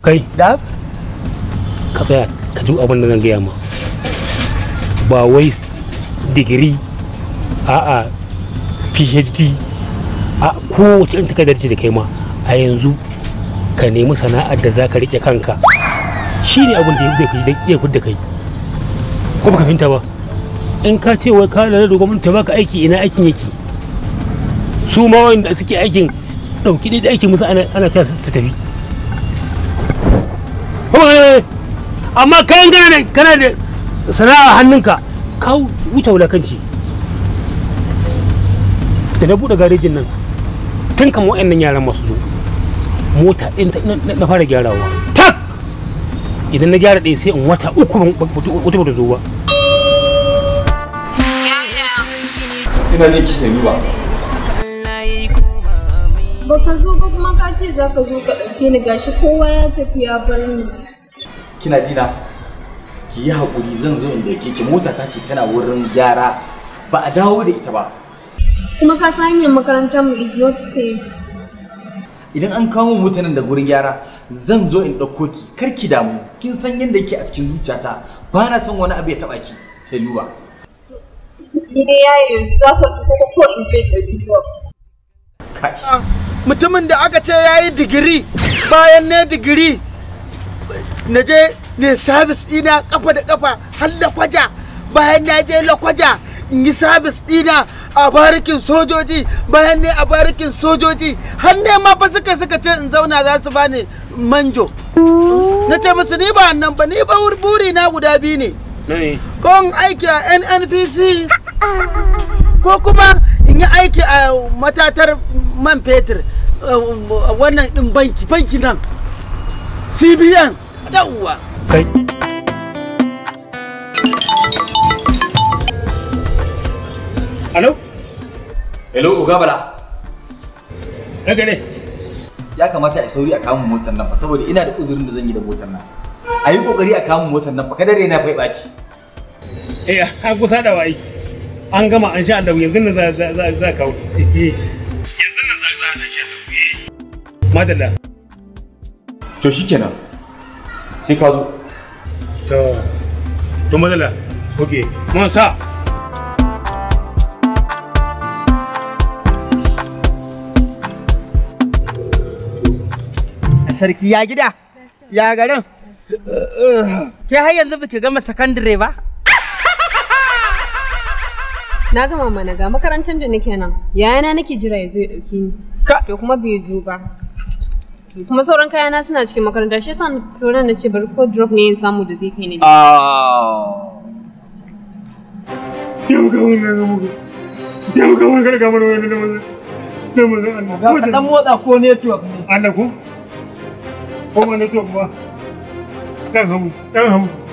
kai da ka tsaya ka ji abin da zan gaya ma ba wai digiri a'a phd a kowace in ka ce da kai ma a yanzu ka nemi sana'ar da za ka rike kanka shi ne abin da zai fi da iya da kai ko baka finta ba in ka ce wai ka lalata da gwamnati ta baka aiki ina aikin yake su ma wanda suke aikin dauki da aikin musu ana ta su tafi amma kayan kana da kana da sana'a hannunka ka wuce wulakanci da na buɗe garejin nan tun kama wa'annan yaran masu zo mota ɗin na fara gyarawa tak idan na gyara ɗaya sai in wata uku ba ta zo ba ina jin kisa yi ba baka zo ba kuma ka ce za ka zo ka ɗauke ni gashi kowa ya tafi ya bar ni kina jina ki yi haƙuri zan zo in dauke ki mota ta ce tana wurin gyara ba a dawo da ita ba kuma ka san hanyar makarantar mu is not safe idan an kawo mutanen da gurin gyara zan zo in ɗauko ki kar ki damu kin san yadda yake a cikin zuciyata ba na son wani abu ya taɓa ki sai luba Gide yayin za ka tsufa ko in ce ka fito. Kashi. mutumin da aka ce ya yi digiri bayan ne digiri na je ne sabis dina kafa da kafa har lakwaja bayan ya je lakwaja in yi sabis dina a barikin sojoji bayan ne a barikin sojoji har ne ma ba suka suka ce in zauna za su bani manjo na ce musu ni ba nan ba ni ba buri na guda biyu ne kon aiki a nnpc ko kuma in yi aiki a matatar man fetur eh, wannan din banki banki nan cbn yawwa kai alo hello uga bala daga ya kamata a sauri a kamun motar nan fa saboda ina da uzurin da zan yi da motar nan a yi kokari a kamun motar nan fa kada rena fa ya baci. eh an kusa da wai. an gama an sha da yanzu na za za za za kawo yanzu na za za an sha Allah eh. madalla to shikenan sai ka zo to to madalla okay mun sa sarki ya gida ya garin ke har yanzu baki gama sakandare ba Na gama mana ga makarantar da nake nan. Yayana nake jira ya zo ya dauke ni. Ka. To kuma bai zo ba. Kuma sauran kayana suna cikin makaranta shi yasa to nan nace bari ko drop ne in samu da zai kai ni. Ah. Ya ga